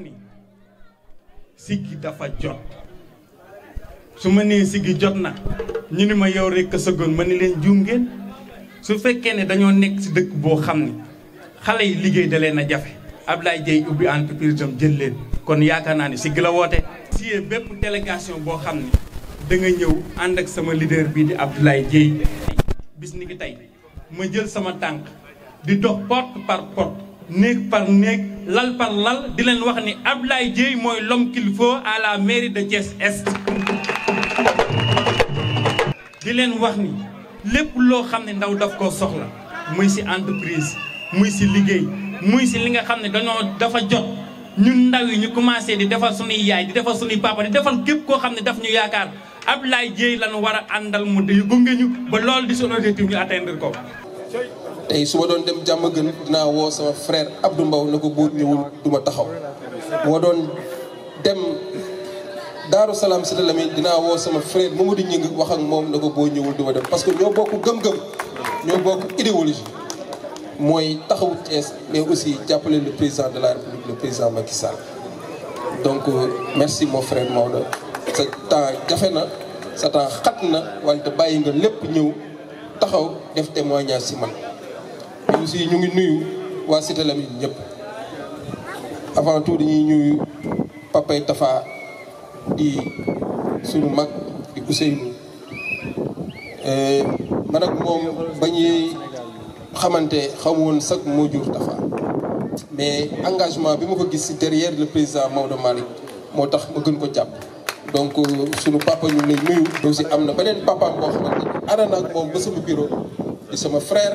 ni siggi dafa su ma nee siggi jot na ñu ni ma yow rek sëggoon ma ni leen juum su fekkee ne dañoo nekk si dëkk boo xam ni xale yi liggéey da leen a jafe laay Dieye ubbi entreprise am jël leen kon yaakaar naa ne siggi la woote si bépp délégation boo xam ni danga ñëw ànd ak sama leader bii di Abdoulaye Dieye bis ni ki tey ma jël sama tànk di dox porte par porte néeg par néeg lal par lal di leen wax ni Ablaye Dieye mooy l'homme qu'il faut à la mairie de Thiès Est di leen wax ni lépp loo xam ne ndaw daf koo soxla muy ci entreprise muy si liggéey muy si li nga xam ne dañoo dafa jot ñun ndaw yi ñu commencé di defal suñuy yaay di defal suñuy papa di defal képp koo xam ne dafa ñu yaakaar Ablaye Dieye lañu war a àndal mu yu gunge ñu ba loolu di suñu objectif ñu atteindre ko tey su ma doon dem jàmm gën dinaa woo sama frère Abdou Mbow na ko buur ñëwul du ma taxaw moo doon dem Daaru Salaam si la dinaa woo sama frère Mamadou Ñing wax ak moom na ko boo ñëwul du ma dem parce que ñoo bokk gëm-gëm ñoo bokk idéologie mooy taxawu Thiès mais aussi jàppale le président de la le président Macky Sall donc euh, merci mon frère Maodo sa temps jafe na sa temps xat na wante bàyyi nga lépp ñëw taxaw def témoignage si man aussi ñu ngi nuyu waa Cité Lamy ñëpp avant tout dañuy ñuy papay Tafa di suñu mag di Ousseynou eh, man ak moom ba ñuy xamante xam woon sax moo jur mais engagement bi ma ko gis si derrière le président Maodo Malick moo tax ma gën ko jàpp donc euh, suñu papa ñu lay nuyu doo am na beneen papaam boo xamante ne ak moom ba sama bureau di sama frère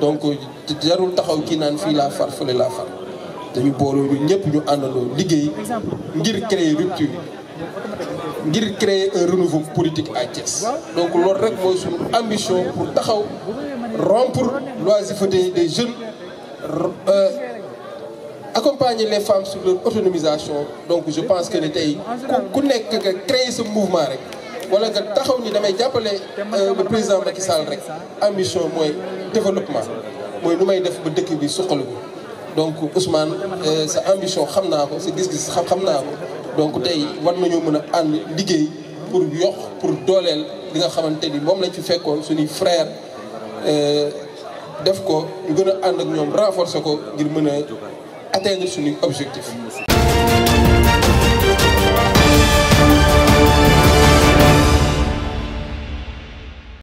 donc jarul taxaw ki nan fi la far la laa far dañu booloo ñu ñëpp ñu àndandoo liggéey ngir créer rupture ngir créer un renouveau politique à Thiès donc loolu rek mooy suñu ambition pour taxaw rompre l'oisiveté des jeunes euh, accompagner les femmes sur leur autonomisation donc je pense que ne tey ku nekk créer ce mouvement rek wala nga taxaw ni damay jàppale euh, le président Macky Sall rek ambition mooy développement mooy nu may def ba dëkk bi suqaliku donc Ousmane euh, sa ambition xam naa ko sa gis-gis xam naa ko donc tey war nañoo mën a ànd liggéey pour yokk pour dooleel li nga xamante ni moom lañ fi fekkoon suñuy frère euh, def ko ñu gën a ànd ak ñoom renforcer ko ngir mën a atteindre suñuy objectif